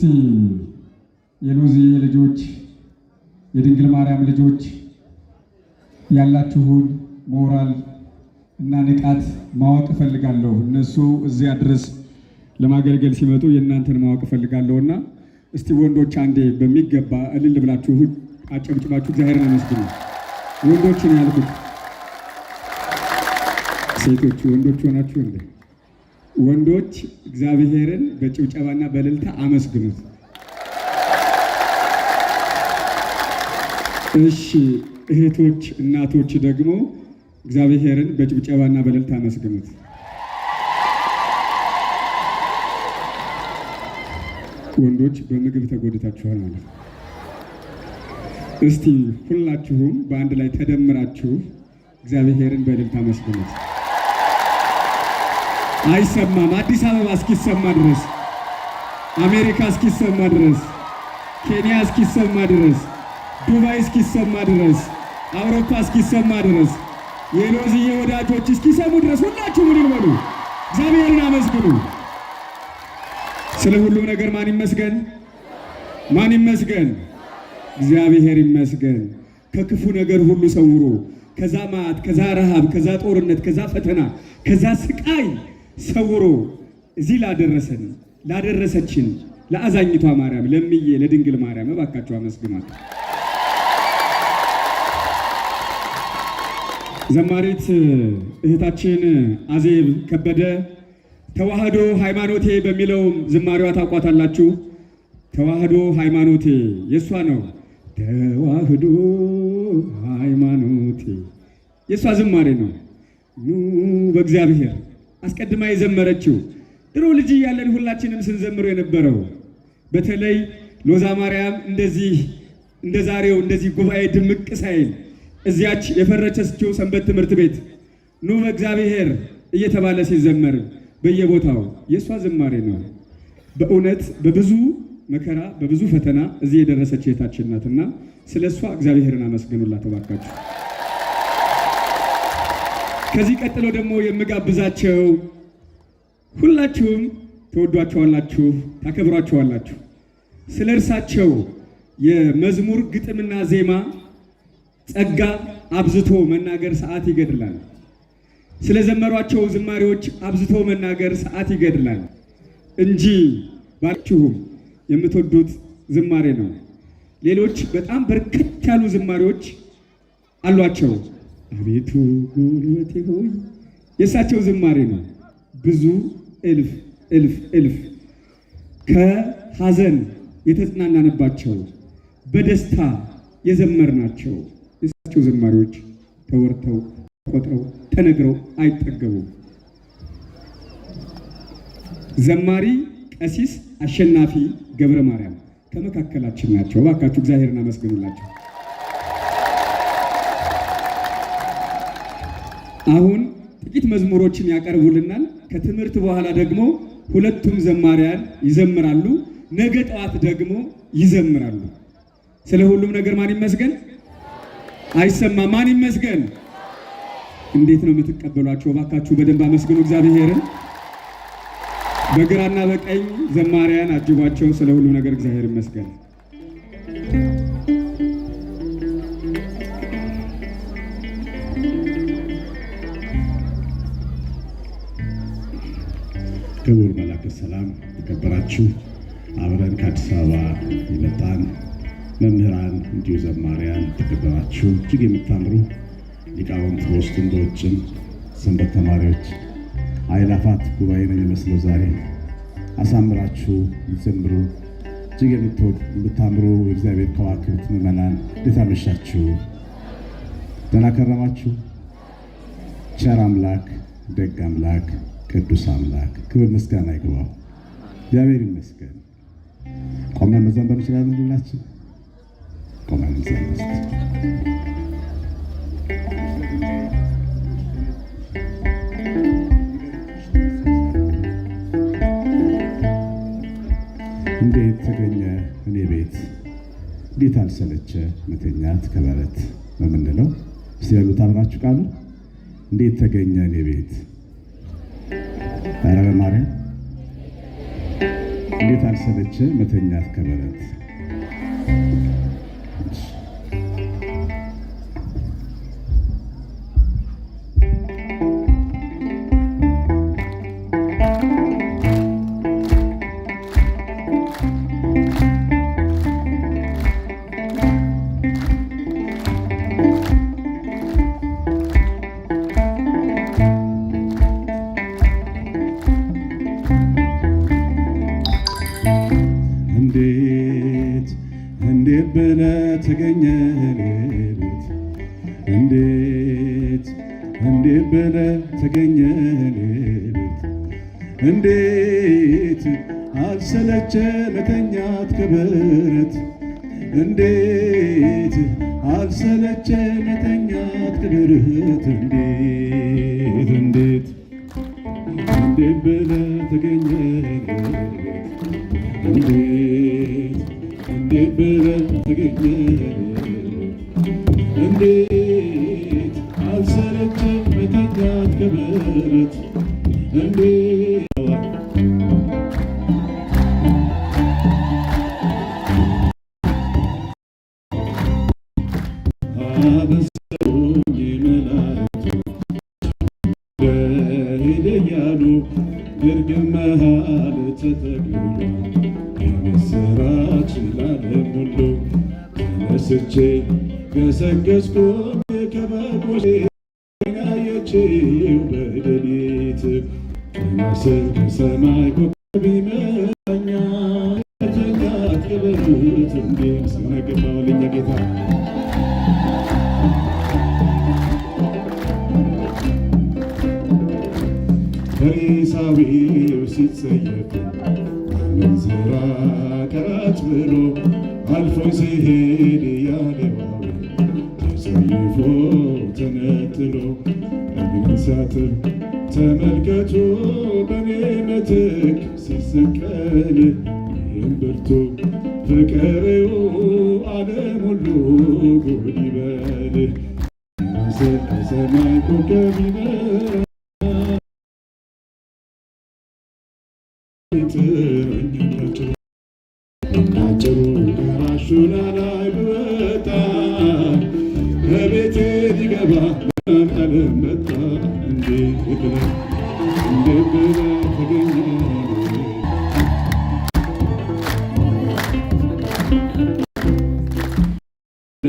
እስቲ የሎዚ ልጆች የድንግል ማርያም ልጆች ያላችሁን ሞራል እና ንቃት ማወቅ እፈልጋለሁ። እነሱ እዚያ ድረስ ለማገልገል ሲመጡ የእናንተን ማወቅ እና እስቲ ወንዶች አንዴ በሚገባ እልል ብላችሁ አጨብጭባችሁ እግዚአብሔርን አመስግኑ። ወንዶችን ያልኩት ሴቶች ወንዶች ሆናችሁ እንዴ? ወንዶች እግዚአብሔርን በጭብጨባና በልልታ አመስግኑት። እሺ እህቶች፣ እናቶች ደግሞ እግዚአብሔርን በጭብጨባና በልልታ አመስግኑት። ወንዶች በምግብ ተጎድታችኋል ማለት ነው። እስቲ ሁላችሁም በአንድ ላይ ተደምራችሁ እግዚአብሔርን በልልታ አመስግኑት። አይሰማም። አዲስ አበባ እስኪሰማ ድረስ፣ አሜሪካ እስኪሰማ ድረስ፣ ኬንያ እስኪሰማ ድረስ፣ ዱባይ እስኪሰማ ድረስ፣ አውሮፓ እስኪሰማ ድረስ፣ የሎዝዬ ወዳጆች እስኪሰሙ ድረስ ሁላችሁ ምን ይበሉ፣ እግዚአብሔርን አመስግኑ። ስለ ሁሉም ነገር ማን ይመስገን? ማን ይመስገን? እግዚአብሔር ይመስገን። ከክፉ ነገር ሁሉ ሰውሮ ከዛ ማዕት፣ ከዛ ረሃብ፣ ከዛ ጦርነት፣ ከዛ ፈተና፣ ከዛ ስቃይ ሰውሮ እዚህ ላደረሰን ላደረሰችን ለአዛኝቷ ማርያም ለምዬ ለድንግል ማርያም እባካችሁ አመስግኗት። ዘማሪት እህታችን አዜብ ከበደ ተዋህዶ ሃይማኖቴ በሚለው ዝማሬዋ ታውቋታላችሁ። ተዋህዶ ሃይማኖቴ የእሷ ነው። ተዋህዶ ሃይማኖቴ የእሷ ዝማሬ ነው። ኑ በእግዚአብሔር አስቀድማ የዘመረችው ድሮ ልጅ እያለን ሁላችንም ስንዘምረው የነበረው በተለይ ሎዛ ማርያም እንደዚህ እንደ ዛሬው እንደዚህ ጉባኤ ድምቅ ሳይል እዚያች የፈረሰችው ሰንበት ትምህርት ቤት ኑ በእግዚአብሔር እየተባለ ሲዘመር በየቦታው የእሷ ዝማሬ ነው። በእውነት በብዙ መከራ በብዙ ፈተና እዚህ የደረሰች እህታችን ናትና ስለ እሷ እግዚአብሔርን አመስግኑላት ከዚህ ቀጥሎ ደግሞ የምጋብዛቸው ሁላችሁም ተወዷቸዋላችሁ፣ ታከብሯቸዋላችሁ። ስለ እርሳቸው የመዝሙር ግጥምና ዜማ ጸጋ አብዝቶ መናገር ሰዓት ይገድላል። ስለ ዘመሯቸው ዝማሬዎች አብዝቶ መናገር ሰዓት ይገድላል እንጂ ባችሁም የምትወዱት ዝማሬ ነው። ሌሎች በጣም በርከት ያሉ ዝማሬዎች አሏቸው። አቤቱ ጉልበቴ ሆይ የእሳቸው ዝማሬ ነው። ብዙ እልፍ እልፍ እልፍ ከሐዘን የተጽናናንባቸው በደስታ የዘመርናቸው የእሳቸው ዝማሬዎች ተወርተው ተቆጥረው ተነግረው አይጠገቡም። ዘማሪ ቀሲስ አሸናፊ ገብረ ማርያም ከመካከላችን ናቸው። እባካችሁ እግዚአብሔርን አመስግኑላቸው። አሁን ጥቂት መዝሙሮችን ያቀርቡልናል። ከትምህርት በኋላ ደግሞ ሁለቱም ዘማሪያን ይዘምራሉ። ነገ ጠዋት ደግሞ ይዘምራሉ። ስለ ሁሉም ነገር ማን ይመስገን? አይሰማ ማን ይመስገን? እንዴት ነው የምትቀበሏቸው? እባካችሁ በደንብ አመስግኑ እግዚአብሔርን። በግራና በቀኝ ዘማሪያን አጅቧቸው። ስለ ሁሉም ነገር እግዚአብሔር ይመስገን። ክቡር መላከ ሰላም የከበራችሁ አብረን ከአዲስ አበባ የመጣን መምህራን እንዲሁ ዘማሪያን የተከበራችሁ እጅግ የምታምሩ ሊቃውንት በውስጥም በውጭም ሰንበት ተማሪዎች አይላፋት ጉባኤ ነው የሚመስለው ዛሬ አሳምራችሁ ዘምሩ። እጅግ የምታምሩ የእግዚአብሔር ከዋክብት ምዕመናን እንዴት አመሻችሁ? ደህና ከረማችሁ? ቸር አምላክ ደግ አምላክ ቅዱስ አምላክ ክብር ምስጋና ይግባው። እግዚአብሔር ይመስገን። ቆመን መዘመር እንችላለን። ሁላችን ቆመን እንዘምር። እንዴት ተገኘ እኔ ቤት እንዴት አልሰለቸ መተኛት ከበረት በምንለው እስቲ በሉት አብራችሁ ቃሉ እንዴት ተገኘ እኔ ቤት ኧረ በማርያም እንዴት አልሰለች መተኛት ከበረት ተገኘ ሌሊት እንዴት እንዴ በለ ተገኘ ሌሊት እንዴት አልሰለቸ መተኛት ክብረት እንዴት አልሰለቸ መተኛት ክብርት እንዴት እንዴት እንዴት ብለህ ተገኘ ሌሊት በረም ትግል እንዴት አልሰለቸን መተኛት ከበረት እንዴት Thank you. ተነስቼ ገሰገስኩ ከበጎች ናየችው በደሊት ተነሰ ሲመትክ ሲሰቀል ይህም ፍቅሬው ዓለም ሁሉ ጉድ ይበል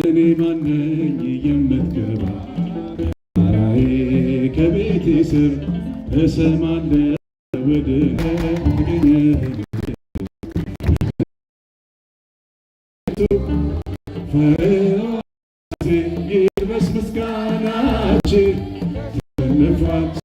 እኔ ማነኝ የምትገባ ራዬ ከቤቴ ስር እሰማለሁ ፈራዜ ይድረስ ምስጋናችን ተነፋች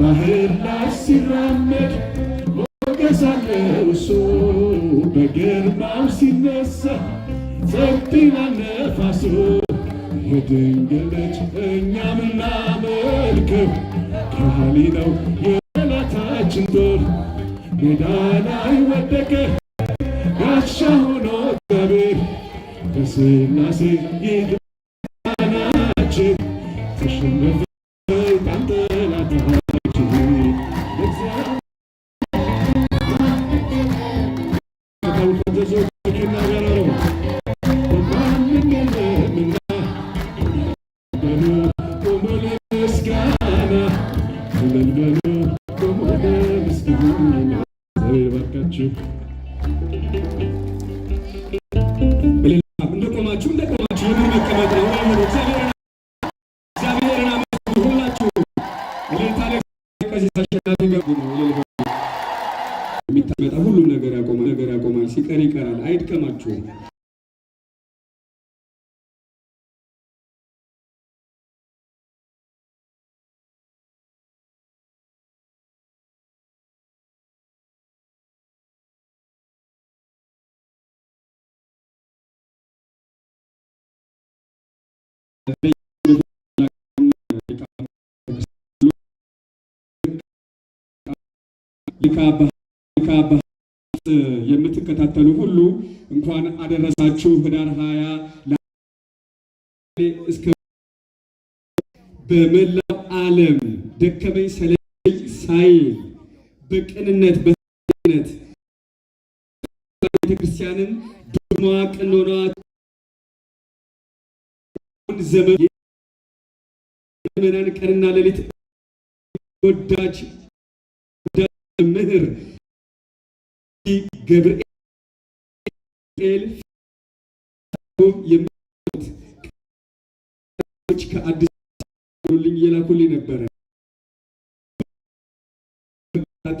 ባህር ላይ ሲራመድ ሞገስ አለው እሱ በግርማው ሲነሳ ጸጥ ይላል ነፋሱ የድንግል ልጅ እኛ ምናመልከው ከሃሊ ነው የጠላታችን ጦር ሜዳ ላይ ወደቀ ጋሻ ሆኖ እግዚአብሔር በሥላሴ ይገ በጣም ሁሉም ነገር ያቆማል፣ ነገር ያቆማል፣ ሲቀር ይቀራል። አይድቀማችሁም። ሊቃ የምትከታተሉ ሁሉ እንኳን አደረሳችሁ። ህዳር ሀያ እስከ በመላው ዓለም ደከመኝ ሰለቸኝ ሳይል በቅንነት በነት ቤተክርስቲያንን ድሟ ቅኖና ዘመን ቀንና ሌሊት ወዳጅ ምህር ገብርኤል የሚች ከአዲስ የላኩልኝ ነበረ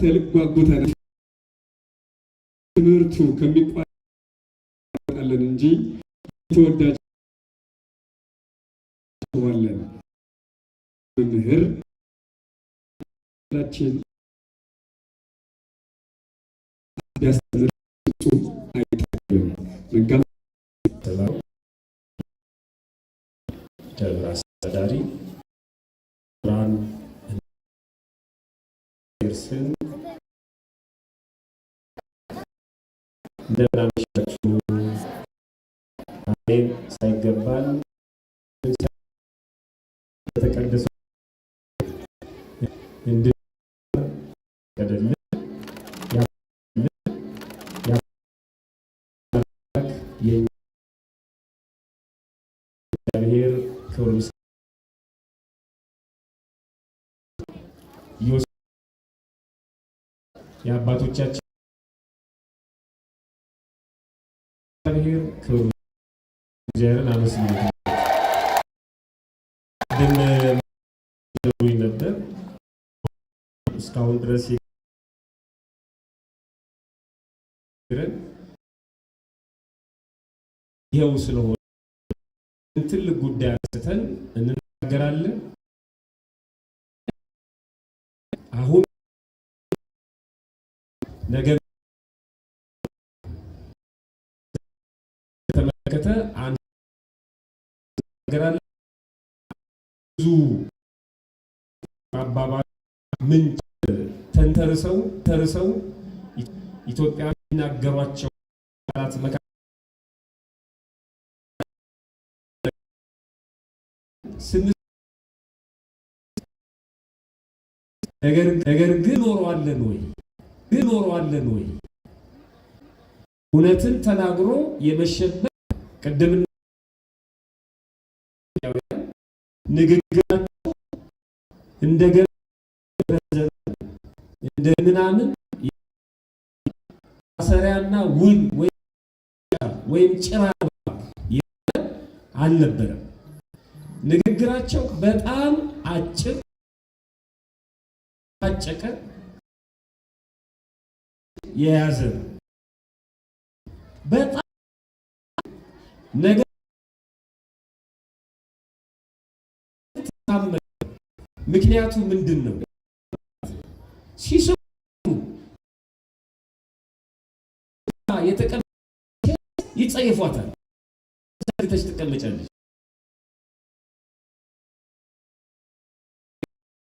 ተልጓጉተን ትምህርቱ ከሚቋለን እንጂ ተወዳጅ ዋለን መምህር ችን ሊያስተምር ፍጹም አስተዳዳሪ ብርሃን ርስን እንደምን አመሻችሁ። አሜን ሳይገባል እንድ ክብር የአባቶቻችን እግዚአብሔር ክብር እግዚአብሔርን አመስግናለሁ። ነበር እስካሁን ድረስ ይኸው ስለሆነ ትልቅ ጉዳይ አንስተን እንናገራለን። አሁን ነገር ተመለከተ አንድ እንናገራለን። ብዙ አባባል ምንጭ ተንተርሰው ተርሰው ኢትዮጵያ የሚናገሯቸው ቃላት መካ ነገር ግን ወይ ግን ወይ? እውነትን ተናግሮ የመሸበር ቅድም ንግግራቸው እንደገና እንደ ምናምን ማሰሪያና ውል ወይም ጭራ አልነበረም። ንግግራቸው በጣም አጭር አጨቀ የያዘ ነው። በጣም ነገ ምክንያቱ ምንድን ነው? ሲሰሙ የተቀ ይጸይፏታል። ተቀመጫለች?